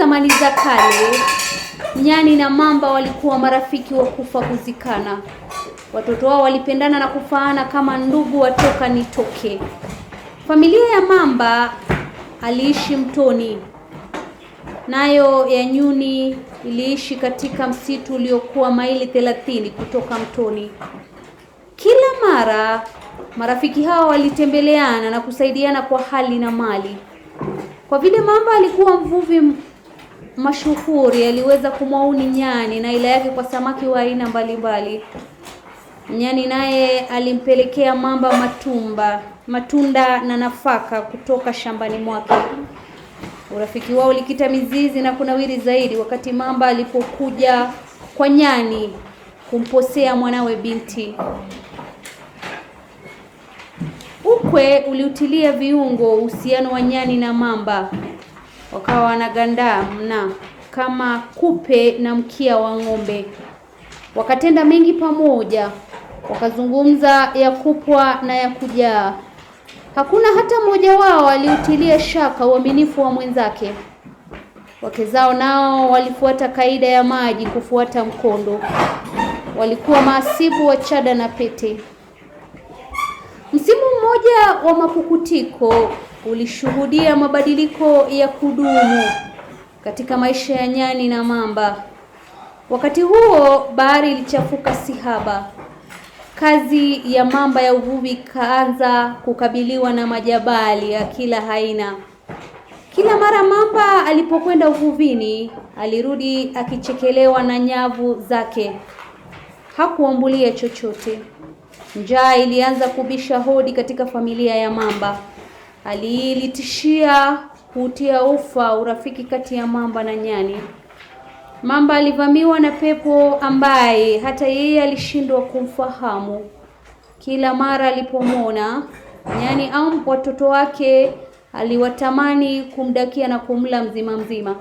zamani za kale nyani na mamba walikuwa marafiki wa kufa kuzikana. Watoto wao walipendana na kufaana kama ndugu watoka nitoke. Familia ya mamba aliishi mtoni, nayo ya nyuni iliishi katika msitu uliokuwa maili thelathini kutoka mtoni. Kila mara marafiki hao walitembeleana na kusaidiana kwa hali na mali. Kwa vile mamba alikuwa mvuvi mashuhuri aliweza kumwauni nyani na ila yake kwa samaki wa aina mbalimbali. Nyani naye alimpelekea mamba matumba, matunda na nafaka kutoka shambani mwake. Urafiki wao ulikita mizizi na kunawiri zaidi wakati mamba alipokuja kwa nyani kumposea mwanawe binti. Ukwe uliutilia viungo uhusiano wa nyani na mamba wakawa wanagandaa mna kama kupe na mkia wa ng'ombe. Wakatenda mengi pamoja, wakazungumza ya kupwa na ya kujaa. Hakuna hata mmoja wao aliutilia shaka uaminifu wa mwenzake. Wake zao nao walifuata kaida ya maji kufuata mkondo. Walikuwa maasibu wa chada na pete. Msimu mmoja wa mapukutiko ulishuhudia mabadiliko ya kudumu katika maisha ya nyani na mamba. Wakati huo bahari ilichafuka sihaba. Kazi ya mamba ya uvuvi kaanza kukabiliwa na majabali ya kila aina. Kila mara mamba alipokwenda uvuvini, alirudi akichekelewa na nyavu zake. Hakuambulia chochote. Njaa ilianza kubisha hodi katika familia ya mamba alilitishia kutia ufa urafiki kati ya mamba na nyani. Mamba alivamiwa na pepo ambaye hata yeye alishindwa kumfahamu. Kila mara alipomwona nyani au watoto wake, aliwatamani kumdakia na kumla mzima mzima.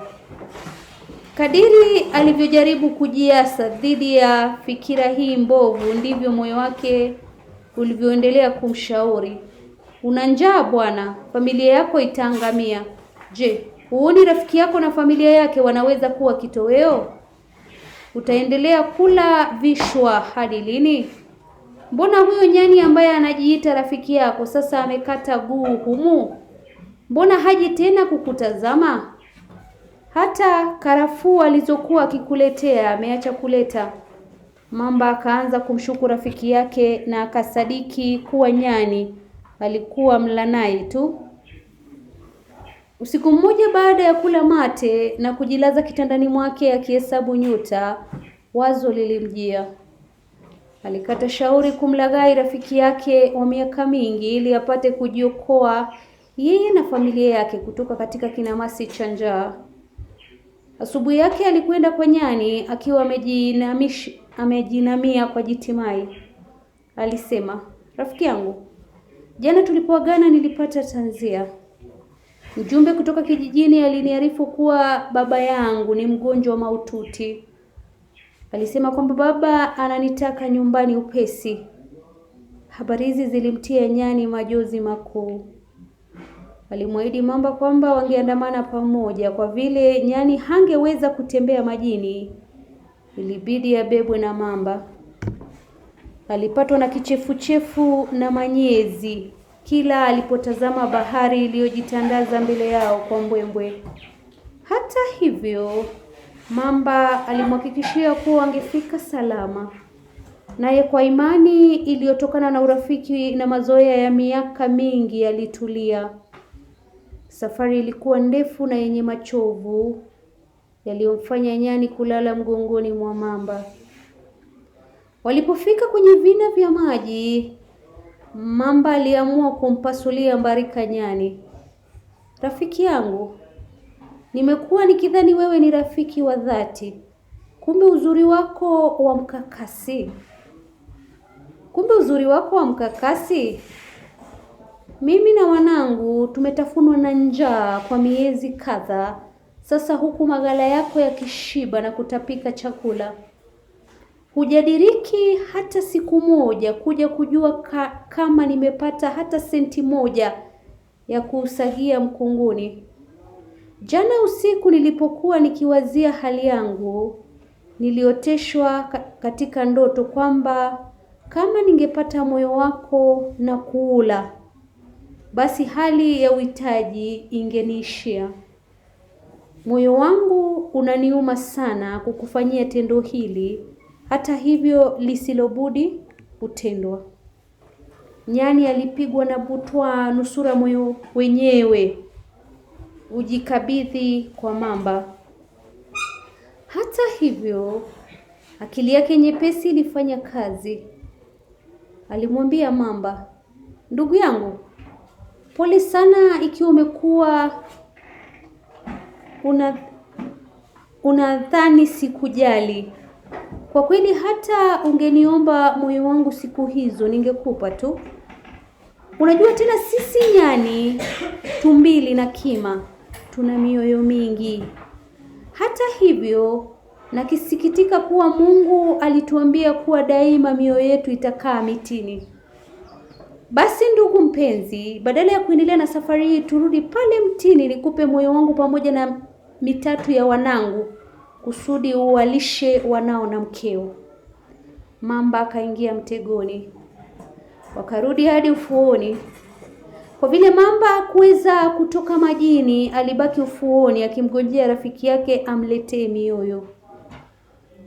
Kadiri alivyojaribu kujiasa dhidi ya fikira hii mbovu, ndivyo moyo wake ulivyoendelea kumshauri. Una njaa bwana, familia yako itaangamia. Je, huoni rafiki yako na familia yake wanaweza kuwa kitoweo? Utaendelea kula vishwa hadi lini? Mbona huyo nyani ambaye anajiita rafiki yako sasa amekata guu humu? Mbona haji tena kukutazama? Hata karafuu alizokuwa akikuletea ameacha kuleta. Mamba akaanza kumshuku rafiki yake na akasadiki kuwa nyani alikuwa mlanai tu. Usiku mmoja baada ya kula mate na kujilaza kitandani mwake akihesabu nyuta, wazo lilimjia. Alikata shauri kumlaghai rafiki yake wa miaka mingi ili apate kujiokoa yeye na familia yake kutoka katika kinamasi cha njaa. Asubuhi yake alikwenda kwa nyani akiwa amejinamia kwa jitimai. Alisema, rafiki yangu, Jana tulipoagana nilipata tanzia. Mjumbe kutoka kijijini aliniarifu kuwa baba yangu ni mgonjwa mahututi. Alisema kwamba baba ananitaka nyumbani upesi. Habari hizi zilimtia nyani majozi makuu. Alimwahidi mamba kwamba wangeandamana pamoja, kwa vile nyani hangeweza kutembea majini, ilibidi abebwe na mamba. Alipatwa na kichefuchefu na manyezi kila alipotazama bahari iliyojitandaza mbele yao kwa mbwembwe. Hata hivyo, mamba alimhakikishia kuwa angefika salama, naye kwa imani iliyotokana na urafiki na mazoea ya miaka mingi alitulia. Safari ilikuwa ndefu na yenye machovu yaliyomfanya nyani kulala mgongoni mwa mamba. Walipofika kwenye vina vya maji, mamba aliamua kumpasulia Mbarika nyani. Rafiki yangu, nimekuwa nikidhani wewe ni rafiki wa dhati, kumbe uzuri wako wa mkakasi kumbe uzuri wako wa mkakasi. Mimi na wanangu tumetafunwa na njaa kwa miezi kadhaa sasa, huku magala yako yakishiba na kutapika chakula hujadiriki hata siku moja kuja kujua ka, kama nimepata hata senti moja ya kuusagia mkunguni. Jana usiku nilipokuwa nikiwazia hali yangu, nilioteshwa katika ndoto kwamba kama ningepata moyo wako na kuula, basi hali ya uhitaji ingeniishia. Moyo wangu unaniuma sana kukufanyia tendo hili, hata hivyo lisilobudi kutendwa. Nyani alipigwa na butwa nusura moyo wenyewe ujikabidhi kwa mamba. Hata hivyo akili yake nyepesi ilifanya kazi. Alimwambia mamba, ndugu yangu, pole sana ikiwa umekuwa una unadhani sikujali. Kwa kweli hata ungeniomba moyo wangu siku hizo ningekupa tu. Unajua tena sisi nyani, tumbili na kima, tuna mioyo mingi. Hata hivyo, nakisikitika kuwa Mungu alituambia kuwa daima mioyo yetu itakaa mitini. Basi ndugu mpenzi, badala ya kuendelea na safari hii, turudi pale mtini, nikupe moyo wangu pamoja na mitatu ya wanangu kusudi uwalishe wanao na mkeo. Mamba akaingia mtegoni, wakarudi hadi ufuoni. Kwa vile mamba hakuweza kutoka majini, alibaki ufuoni akimgojea rafiki yake amletee mioyo.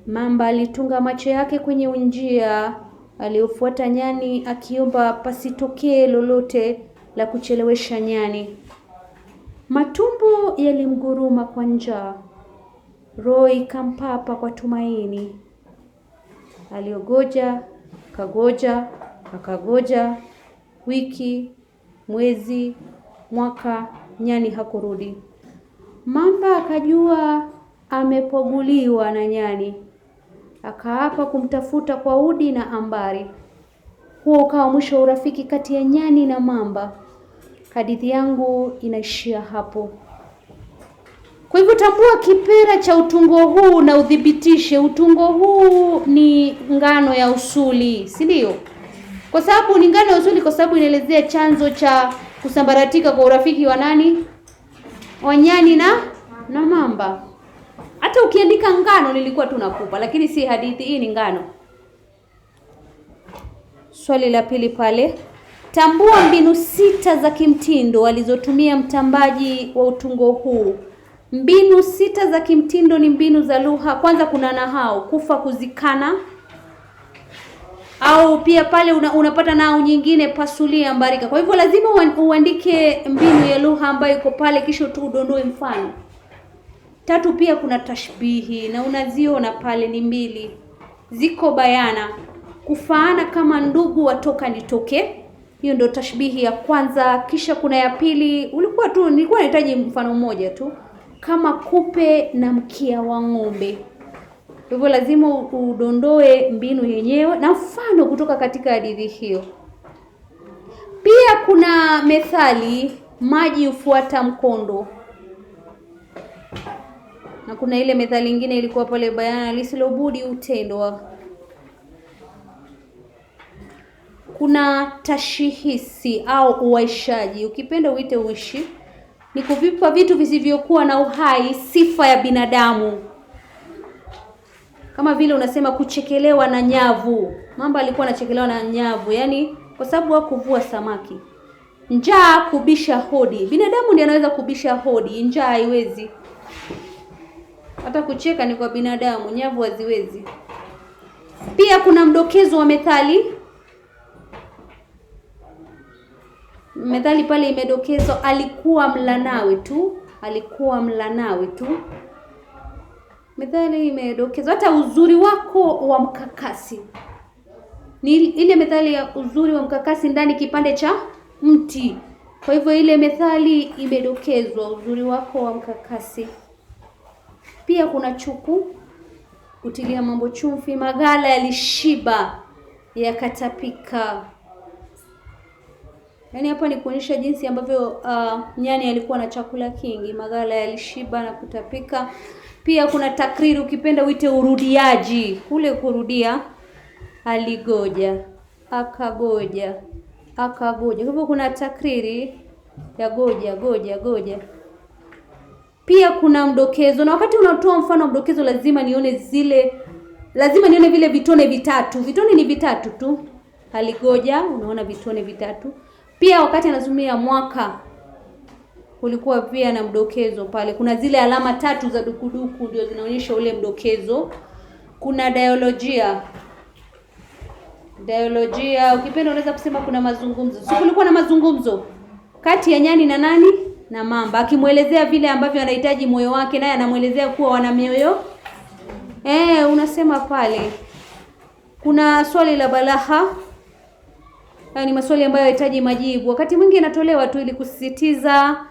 Mamba alitunga macho yake kwenye njia aliyofuata nyani, akiomba pasitokee lolote la kuchelewesha nyani. Matumbo yalimguruma kwa njaa. Roho ikampapa kwa tumaini. Aliogoja, kagoja, akagoja wiki, mwezi, mwaka, nyani hakurudi. Mamba akajua amepoguliwa na nyani, akaapa kumtafuta kwa udi na ambari. Huo ukawa mwisho wa urafiki kati ya nyani na mamba. Hadithi yangu inaishia hapo. Kwa hivyo tambua kipera cha utungo huu na udhibitishe utungo huu ni ngano ya usuli, si ndio? Kwa sababu ni ngano ya usuli, kwa sababu inaelezea chanzo cha kusambaratika kwa urafiki wa nani, wanyani na na mamba. Hata ukiandika ngano nilikuwa tu nakupa, lakini si hadithi hii, ni ngano. Swali la pili pale, tambua mbinu sita za kimtindo alizotumia mtambaji wa utungo huu. Mbinu sita za kimtindo ni mbinu za lugha. Kwanza kuna nahau, kufa kuzikana, au pia pale una, unapata nao nyingine, pasulia mbarika. Kwa hivyo lazima uandike mbinu ya lugha ambayo iko pale, kisha tu udondoe mfano. Tatu, pia kuna tashbihi na unaziona pale, ni mbili ziko bayana, kufaana kama ndugu, watoka nitoke hiyo ndio tashbihi ya kwanza. Kisha kuna ya pili, ulikuwa tu nilikuwa nahitaji mfano mmoja tu kama kupe na mkia wa ng'ombe. Hivyo lazima udondoe mbinu yenyewe na mfano kutoka katika hadithi hiyo. Pia kuna methali maji hufuata mkondo, na kuna ile methali nyingine ilikuwa pale bayana lisilobudi utendwa. Kuna tashihisi au uaishaji, ukipenda uite uishi ni kuvipa vitu visivyokuwa na uhai sifa ya binadamu, kama vile unasema kuchekelewa na nyavu. Mamba alikuwa anachekelewa na nyavu, yani kwa sababu hakuvua samaki. Njaa, kubisha hodi. Binadamu ndiye anaweza kubisha hodi, njaa haiwezi. Hata kucheka ni kwa binadamu, nyavu haziwezi. Pia kuna mdokezo wa methali methali pale imedokezwa, alikuwa mlanawe tu, alikuwa mlanawe tu. Methali imedokezwa hata uzuri wako wa mkakasi ni ile methali ya uzuri wa mkakasi ndani kipande cha mti. Kwa hivyo ile methali imedokezwa uzuri wako wa mkakasi. Pia kuna chuku, kutilia mambo chumvi. Magala yalishiba yakatapika. Yaani hapa ni kuonyesha jinsi ambavyo uh, nyani alikuwa na chakula kingi, magala yalishiba na kutapika. Pia kuna takriri, ukipenda uite urudiaji, kule kurudia, aligoja, akagoja, akagoja. Kwa hivyo kuna takriri ya goja, goja, goja. Pia kuna mdokezo, na wakati unatoa mfano mdokezo, lazima nione zile, lazima nione vile vitone vitatu. Vitone ni vitatu tu, aligoja, unaona vitone vitatu pia wakati anazumia mwaka kulikuwa pia na mdokezo pale. Kuna zile alama tatu za dukuduku ndio zinaonyesha ule mdokezo. Kuna dialojia dialojia, ukipenda unaweza kusema kuna mazungumzo. Sio, kulikuwa na mazungumzo kati ya nyani na nani na mamba, akimwelezea vile ambavyo anahitaji moyo wake, naye anamwelezea kuwa wana mioyo eh, unasema pale. Kuna swali la balagha Haya ni maswali ambayo yanahitaji majibu. Wakati mwingi yanatolewa tu ili kusisitiza,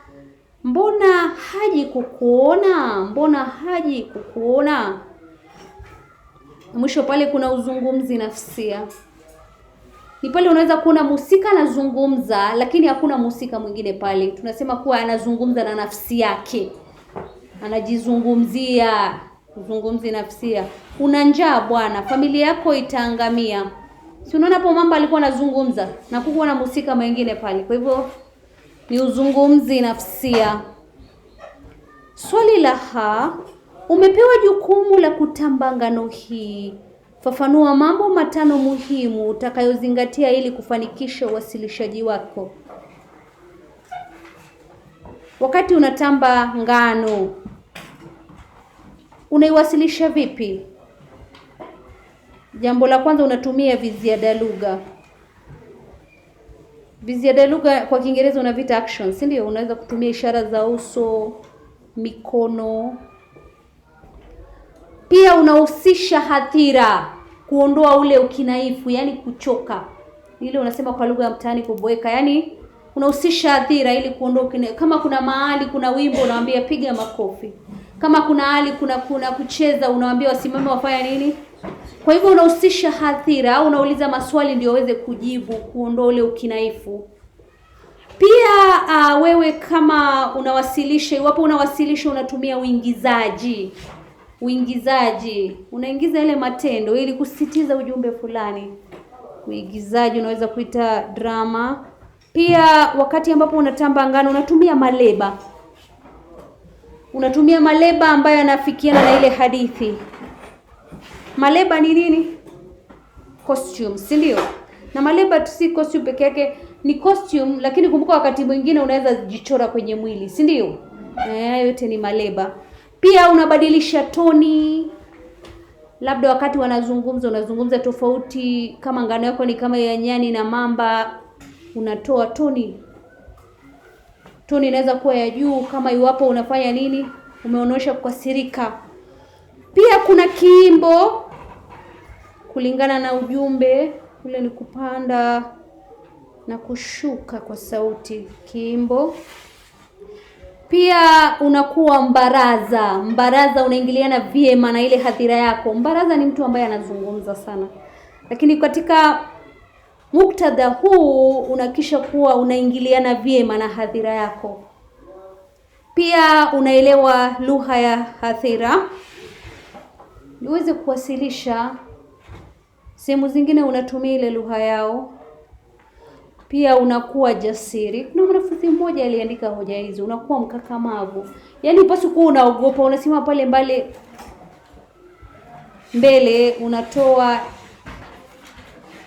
mbona haji kukuona, mbona haji kukuona. Mwisho pale kuna uzungumzi nafsia, ni pale unaweza kuona mhusika anazungumza, lakini hakuna mhusika mwingine pale. Tunasema kuwa anazungumza na nafsi yake, anajizungumzia. Uzungumzi nafsia. Una njaa bwana, familia yako itaangamia. Si unaona hapo mamba alikuwa anazungumza na kukuwa na musika mwingine pale. Kwa hivyo ni uzungumzi nafsia. Swali la ha, umepewa jukumu la kutamba ngano hii. Fafanua mambo matano muhimu utakayozingatia ili kufanikisha uwasilishaji wako. Wakati unatamba ngano unaiwasilisha vipi? Jambo la kwanza unatumia viziada lugha. Viziada lugha kwa Kiingereza unavita actions, si ndio? Unaweza kutumia ishara za uso, mikono. Pia unahusisha hadhira, kuondoa ule ukinaifu, yani kuchoka, ile unasema kwa lugha ya mtaani kuboeka, yani unahusisha hadhira ili kuondoa ukinaifu. Kama kuna mahali kuna wimbo unawaambia piga makofi, kama kuna hali kuna kuna kucheza unawaambia wasimame wafanya nini kwa hivyo unahusisha hadhira, unauliza maswali ndio uweze kujibu, kuondoa ule ukinaifu. Pia uh, wewe kama unawasilisha, iwapo unawasilisha, unatumia uingizaji. Uingizaji unaingiza yale matendo ili kusitiza ujumbe fulani. Uigizaji unaweza kuita drama. Pia wakati ambapo unatamba ngano, unatumia maleba, unatumia maleba ambayo yanafikiana na ile hadithi. Maleba ni nini? Costume, si ndio? Na maleba si costume peke yake, ni costume, lakini kumbuka wakati mwingine unaweza jichora kwenye mwili, si ndio? Eh, yote ni maleba. Pia unabadilisha toni, labda wakati wanazungumza unazungumza tofauti. Kama ngano yako ni kama ya nyani na mamba, unatoa toni. Toni inaweza kuwa ya juu, kama iwapo unafanya nini, umeonyesha kukasirika. Pia kuna kiimbo kulingana na ujumbe ule, ni kupanda na kushuka kwa sauti kiimbo. Pia unakuwa mbaraza. Mbaraza unaingiliana vyema na ile hadhira yako. Mbaraza ni mtu ambaye anazungumza sana, lakini katika muktadha huu unakisha kuwa unaingiliana vyema na hadhira yako. Pia unaelewa lugha ya hadhira uweze kuwasilisha Sehemu zingine unatumia ile lugha yao, pia unakuwa jasiri. Kuna mwanafunzi mmoja aliandika hoja hizi, unakuwa mkakamavu, yaani upasi kuwa unaogopa, unasimama pale mbale mbele, unatoa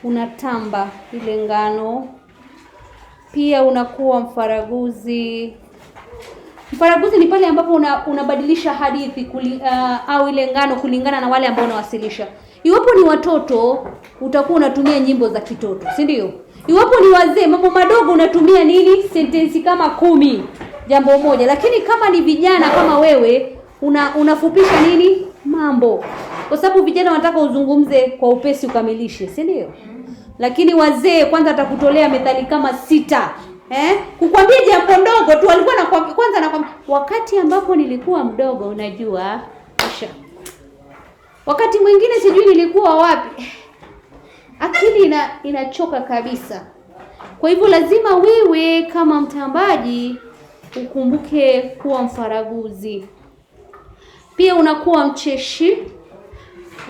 unatamba ile ngano, pia unakuwa mfaraguzi. Mfaraguzi ni pale ambapo una, unabadilisha hadithi kuli, uh, au ile ngano kulingana na wale ambao unawasilisha. Iwapo ni watoto utakuwa unatumia nyimbo za kitoto, si ndio? Iwapo ni wazee, mambo madogo unatumia nini, sentensi kama kumi, jambo moja. Lakini kama ni vijana kama wewe, una unafupisha nini mambo, kwa sababu vijana wanataka uzungumze kwa upesi ukamilishe, si ndio? Lakini wazee kwanza atakutolea methali kama sita eh, kukwambia jambo ndogo tu, alikuwa na kwanza na wakati ambapo nilikuwa mdogo, unajua Wakati mwingine sijui nilikuwa wapi, akili ina, inachoka kabisa. Kwa hivyo lazima wewe kama mtambaji ukumbuke kuwa mfaraguzi, pia unakuwa mcheshi.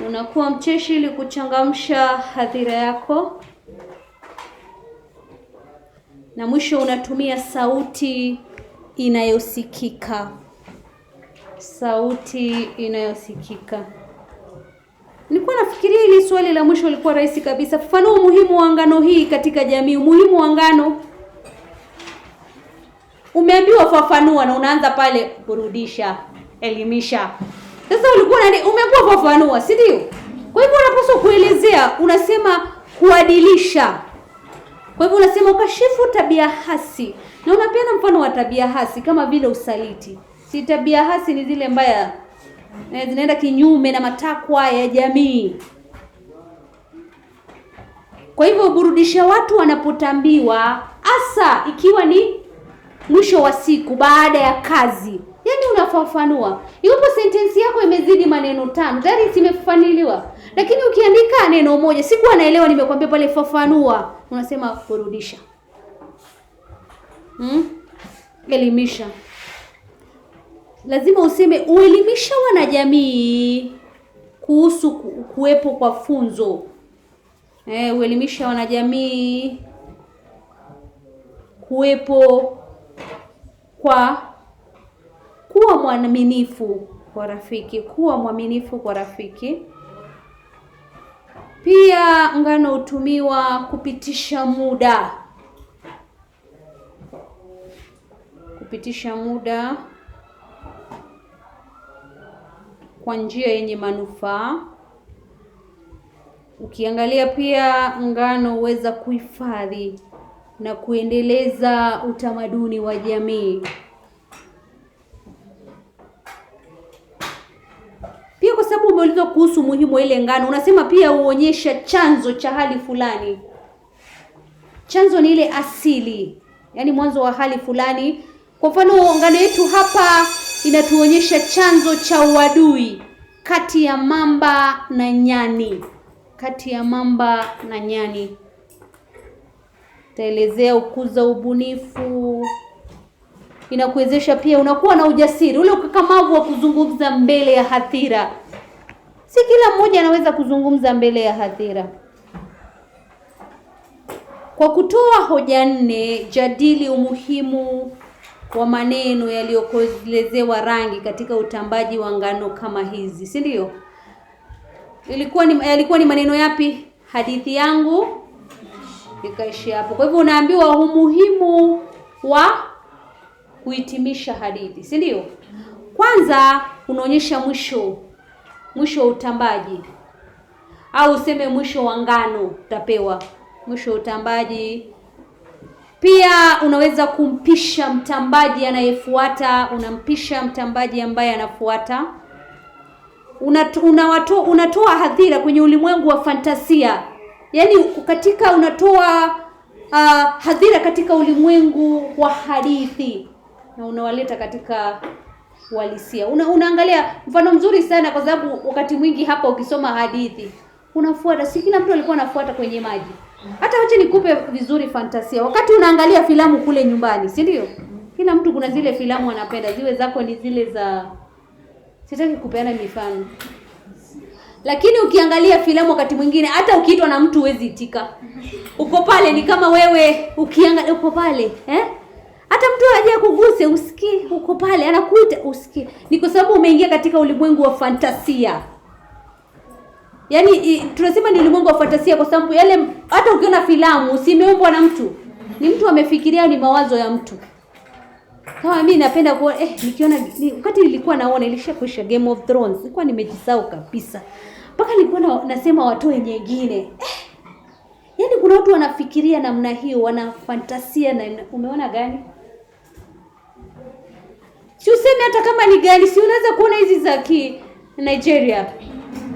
Unakuwa mcheshi ili kuchangamsha hadhira yako, na mwisho unatumia sauti inayosikika, sauti inayosikika. Nilikuwa nafikiria ile swali la mwisho lilikuwa rahisi kabisa. Fafanua umuhimu wa ngano hii katika jamii. Umuhimu wa ngano umeambiwa fafanua, na unaanza pale burudisha, elimisha. Sasa ulikuwa nani? Umeambiwa fafanua, si ndio? Kwa hivyo unapaswa kuelezea, unasema kuadilisha. Kwa hivyo unasema ukashifu tabia hasi, na unapeana mfano wa tabia hasi kama vile usaliti. Si tabia hasi ni zile mbaya zinaenda kinyume na matakwa ya jamii. Kwa hivyo burudisha watu wanapotambiwa, hasa ikiwa ni mwisho wa siku baada ya kazi, yaani unafafanua. Iwapo sentensi yako imezidi maneno tano, tayari zimefafanuliwa, lakini ukiandika neno moja siku anaelewa, nimekwambia pale fafanua, unasema burudisha, hmm? elimisha lazima useme uelimisha wanajamii kuhusu kuwepo kwa funzo eh, uelimisha wanajamii kuwepo kwa kuwa mwaminifu kwa rafiki, kuwa mwaminifu kwa rafiki. Pia ngano hutumiwa kupitisha muda, kupitisha muda kwa njia yenye manufaa. Ukiangalia pia ngano huweza kuhifadhi na kuendeleza utamaduni wa jamii. Pia kwa sababu umeulizwa kuhusu umuhimu wa ile ngano, unasema pia huonyesha chanzo cha hali fulani. Chanzo ni ile asili, yaani mwanzo wa hali fulani. Kwa mfano ngano yetu hapa inatuonyesha chanzo cha uadui kati ya mamba na nyani, kati ya mamba na nyani. Itaelezea ukuza ubunifu, inakuwezesha pia, unakuwa na ujasiri ule ukakamavu wa kuzungumza mbele ya hadhira. Si kila mmoja anaweza kuzungumza mbele ya hadhira. Kwa kutoa hoja nne, jadili umuhimu wa maneno yaliyokolezewa rangi katika utambaji wa ngano kama hizi, si ndio? Ilikuwa ni yalikuwa ni maneno yapi? Hadithi yangu ikaishia hapo. Kwa hivyo unaambiwa umuhimu wa kuhitimisha hadithi, si ndio? Kwanza unaonyesha mwisho, mwisho wa utambaji au useme mwisho wa ngano, utapewa mwisho wa utambaji pia unaweza kumpisha mtambaji anayefuata, unampisha mtambaji ambaye anafuata. Unatoa una hadhira kwenye ulimwengu wa fantasia, yaani katika unatoa uh, hadhira katika ulimwengu wa hadithi na unawaleta katika uhalisia. Una, unaangalia mfano mzuri sana kwa sababu wakati mwingi hapa ukisoma hadithi unafuata, si kila mtu alikuwa anafuata kwenye maji hata wacha nikupe vizuri fantasia. Wakati unaangalia filamu kule nyumbani, si ndio? Kila mtu kuna zile filamu anapenda, ziwe zako ni zile za sitaki kupeana mifano. Lakini ukiangalia filamu wakati mwingine hata ukiitwa na mtu huwezi itika. Uko pale ni kama wewe ukiangalia uko pale, eh? Hata mtu haja kuguse usikie, uko pale anakuita usikie. Ni kwa sababu umeingia katika ulimwengu wa fantasia. Yaani tunasema ni ulimwengu wa fantasia kwa sababu yale, hata ukiona filamu simeumbwa na mtu, ni mtu amefikiria, ni mawazo ya mtu. Kama mimi napenda kuona eh, nikiona ni, wakati nilikuwa naona ilisha kuisha Game of Thrones, nilikuwa nimejisahau kabisa, mpaka nilikuwa na, nasema watoe nyingine eh, yaani kuna watu wanafikiria namna hiyo, wana fantasia na umeona gani? Si useme hata kama ni gani, si unaweza kuona hizi za ki Nigeria.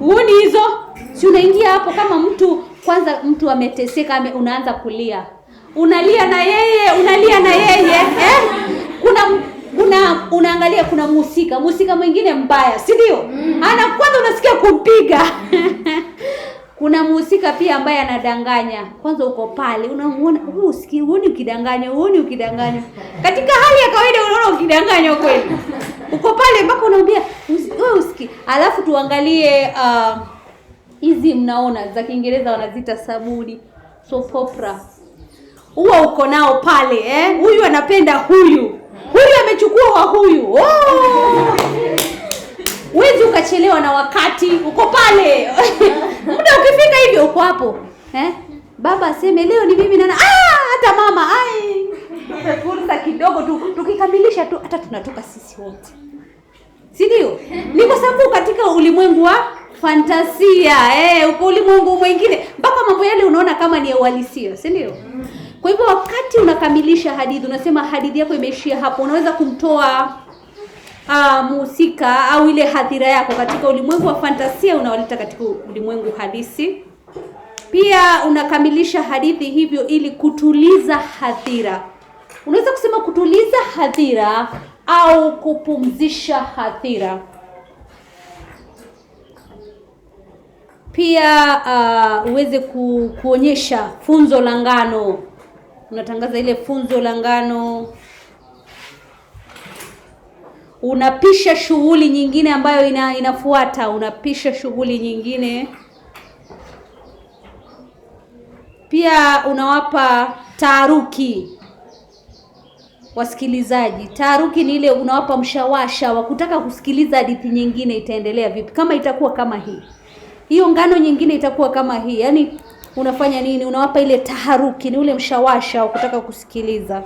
Huni hizo si unaingia hapo kama mtu kwanza, mtu ameteseka, unaanza kulia, unalia na yeye, unalia na yeye eh? kuna una, unaangalia kuna musika musika mwingine mbaya, si ndio? Mm. Ana kwanza unasikia kumpiga kuna mhusika pia ambaye anadanganya. Kwanza uko pale unamuona huyu, usikii ni ukidanganya, ni ukidanganya, katika hali ya kawaida unaona ukidanganya kweli, uko pale mpaka unaambia wewe usikii. Alafu tuangalie uh, hizi uh, mnaona za Kiingereza wanazita sabuni soap opera, huwa uko nao pale eh? Huyu anapenda huyu, huyu amechukua wa huyu oh! Huwezi ukachelewa na wakati uko pale. Muda ukifika hivyo uko hapo. Eh? Baba aseme leo ni mimi nana. Ah, hata mama ai. Fursa kidogo tu tukikamilisha tu hata tunatoka sisi wote. Si ndio? Ni kwa sababu katika ulimwengu wa fantasia, eh, uko ulimwengu mwingine mpaka mambo yale unaona kama ni uhalisia, si ndio? Kwa hivyo wakati unakamilisha hadithi, unasema hadithi yako imeishia hapo, unaweza kumtoa uh, muhusika au ile hadhira yako katika ulimwengu wa fantasia unaoleta katika ulimwengu halisi. Pia unakamilisha hadithi hivyo ili kutuliza hadhira. Unaweza kusema kutuliza hadhira au kupumzisha hadhira. Pia uh, uweze ku, kuonyesha funzo la ngano. Unatangaza ile funzo la ngano unapisha shughuli nyingine ambayo ina, inafuata unapisha shughuli nyingine. Pia unawapa taharuki wasikilizaji. Taharuki ni ile unawapa mshawasha wa kutaka kusikiliza hadithi nyingine, itaendelea vipi, kama itakuwa kama hii, hiyo ngano nyingine itakuwa kama hii. Yaani unafanya nini? Unawapa ile taharuki, ni ule mshawasha wa kutaka kusikiliza.